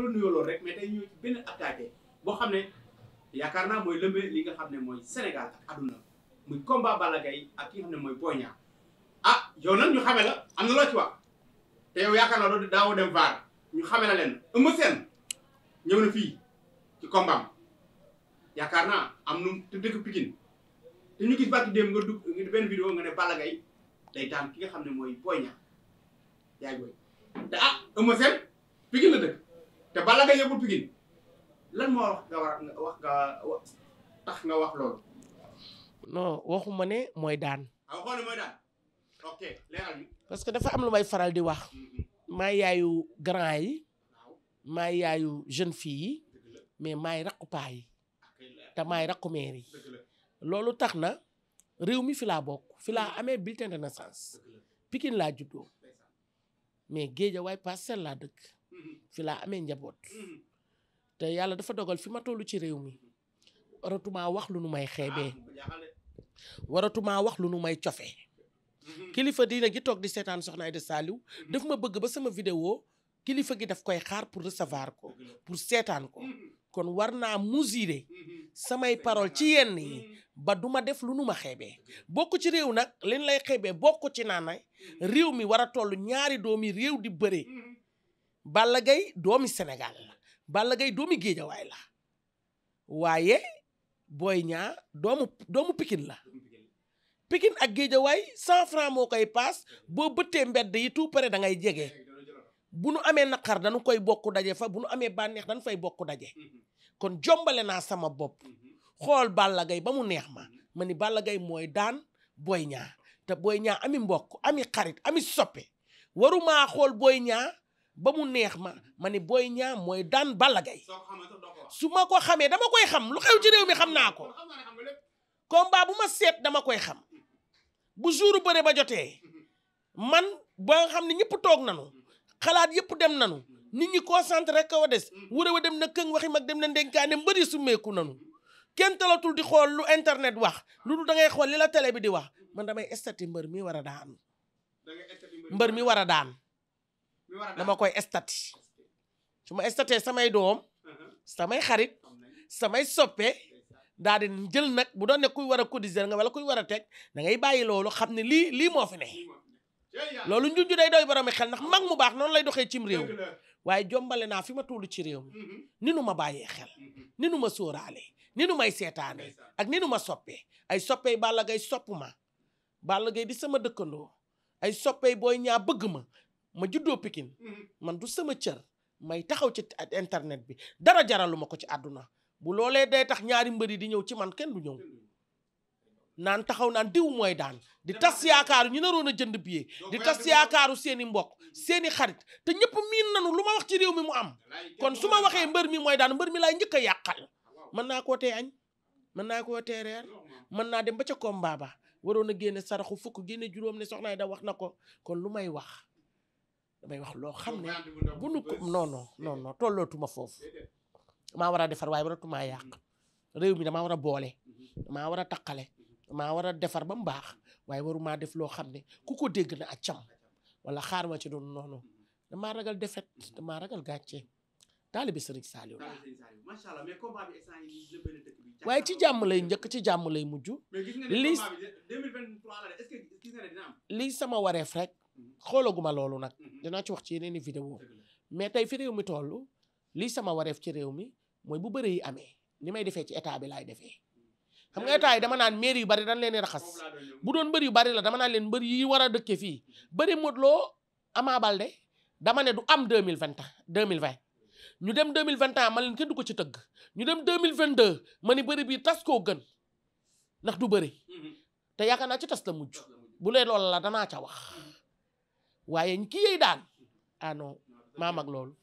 dama la nuyoo loolu rek mais tey ñëw ci benn attaqué boo xam ne yaakaar naa mooy lëmbee li nga xam ne mooy Sénégal ak àdduna muy combat Balla ak ki nga xam ne mooy Boy Niang ah ñu xame am na loo ci wax te yow yaakaar naa doo ñu xame la leen Eumeu ñëw na fii ci combat yaakaar naa am nu te dëkk Pikine te ñu gis bàkki nga dugg benn vidéo nga ne Balla Gaye day ki nga xam ne mooy Boy Niang yaay booy te ah Eumeu Sène Pikine la dëkk te bala nga yóbbu Pikine lan moo wax nga wax nga tax nga wax loolu. non waxuma ne mooy daan. Ah, parce que dafa am lu may faral di wax. Mm, mm. maay yaayu grand yi. maay yaayu jeune fii yi. mais maay raqu paa yi. Ah, te maay raqu mère loolu tax na réew mi fi laa bokk fi laa mm. amee bulletin de naissance. laa juddoo mais Géejawaay Parcelles laa dëkk. fi laa amee njaboot mm-hmm. te yàlla dafa dogal fi ma toll ci réew mi waratumaa wax lu nu may xeebee ah, waratumaa wax lu nu may cofee mm-hmm. kilifa diina gi toog di seetaan soxna de Saliou mm-hmm. daf ma bëgg ba sama vidéo kilifa gi daf koy xaar pour recevoir ko pour seetaan ko kon war naa mesurer samay parole ci yenn yi ba duma def lu nu ma xeebee bokk ci réew nag leen lay xeebee bokk ci naa na réew mi war a toll ñaari doomi réew di bëree Balla Gaye doomi Sénégal la Balla Gaye doomi Géejawaay la waaye booy ñaa doomu doomu Pikine la Pikine ak Géejawaay cent franc moo koy paas boo bëttee mbedd yi tout près da ngay jege bu nu amee naqar dañu koy bokk daje fa bu nu amee bànneex dañu fay bokk daje mhm. kon jombale naa sama bopp mhm. xool Balla Gaye ba mu neex ma ma ni Balla Gaye mooy daan booy ñaa te booy Niang ami mbokk ami xarit ami soppe waruma xool booy Niang ba mu neex ma ma ni booy Niang mooy daan Balla Gaye su ma ko xamee dama koy xam lu xew ci réew mi xam naa ko combat bu ma seet dama koy xam bu jour bëre ba jotee man ba xam ni ñëpp toog nanu xalaat yëpp dem nanu nit ñi concentré ko wa des wure wa dem na këng waxi mag dem na ndenkaane mbëri summeeku nanu kenn talatul di xool lu internet wax lu dul da ngay xool li la télé bi di wax man damay estati mbër mi war a daan mbër mi war a daan dama koy stati su ma statee samay doom mhm. samay xarit samay soppe daa di jël nag bu doon ne kuy war a cotiser nga wala kuy war a teg da ngay bàyyi loolu xam ne lii lii moo fi ne loolu njunju day doy boromi xel ndax mag mu baax noonu lay doxee cim réew waaye jombale naa fi ma toll ci réew mi mhm. ni nu ma bàyyee xel mhm. ni nu ma sóoraale ni nu may seetaane ak ni nu ma soppee ay soppey Balla Gaye sopp ma Balla Gaye di sama dëkkandoo ay soppey booy ñaa bëgg ma ma juddoo pikin mm-hmm. man du sama cër may taxaw ci internet bi dara ma ko ci àdduna bu loolee day tax ñaari mbër yi di ñëw ci man kenn du ñëw naan taxaw naan diw mooy daan di tas yaakaaru ñu naroon a jënd billet di tas yaakaaru seeni mbokk mm-hmm. seeni xarit te ñëpp miin nanu lu ma wax ci réew mi mu am kon su ma waxee mbër mi mooy daan mbër mi laay njëkk a yàqal mën naa koo tee añ mën naa koo tee reer mën naa dem ba ca combat ba waroon a génne saraxu fukk génne juróom ne soxnaay da wax na ko kon lu may wax damay wax loo xam ne bu nu ko non non non non tollootuma foofu damaa war a defar waaye waratumaa yàq réew mi damaa war a boole mhm. maa war a taqale mhm. maa war a defar ba mu baax waaye warumaa def loo xam ne ku ko dégg na ak cam wala xaar ma ci doon noonu mhm. damaa ragal defet damaa ragal gàcce taalibi sëriñ Saliou la waaye ci jàmm lay njëkk ci jàmm lay mujj li li sama wareef rek xoolaguma loolu nag danaa ci wax ci yeneen i vidéo mais tey fi réew mi toll lii sama wareef ci réew mi mooy bu bëre yi amee ni may defee ci état bi laay defee xam nga état yi dama naan maire yu bari dañ leen raxas bu doon mbër yu bari la dama naan leen mbër yi war a dëkkee fii bëri Modou Lo Ama Baldé dama ne du am deux mille vingt deux mille vingt ñu dem deux mille vingt et ma leen kenn du ko ci tëgg ñu dem deux mil vingt deux ma ni bëri bii tas koo gën ndax du bëri mm-hmm. te yaakaar naa ci tas la mujj bu lee loolu la danaa ca wax mm-hmm. waaye ki yey daan ah non loolu.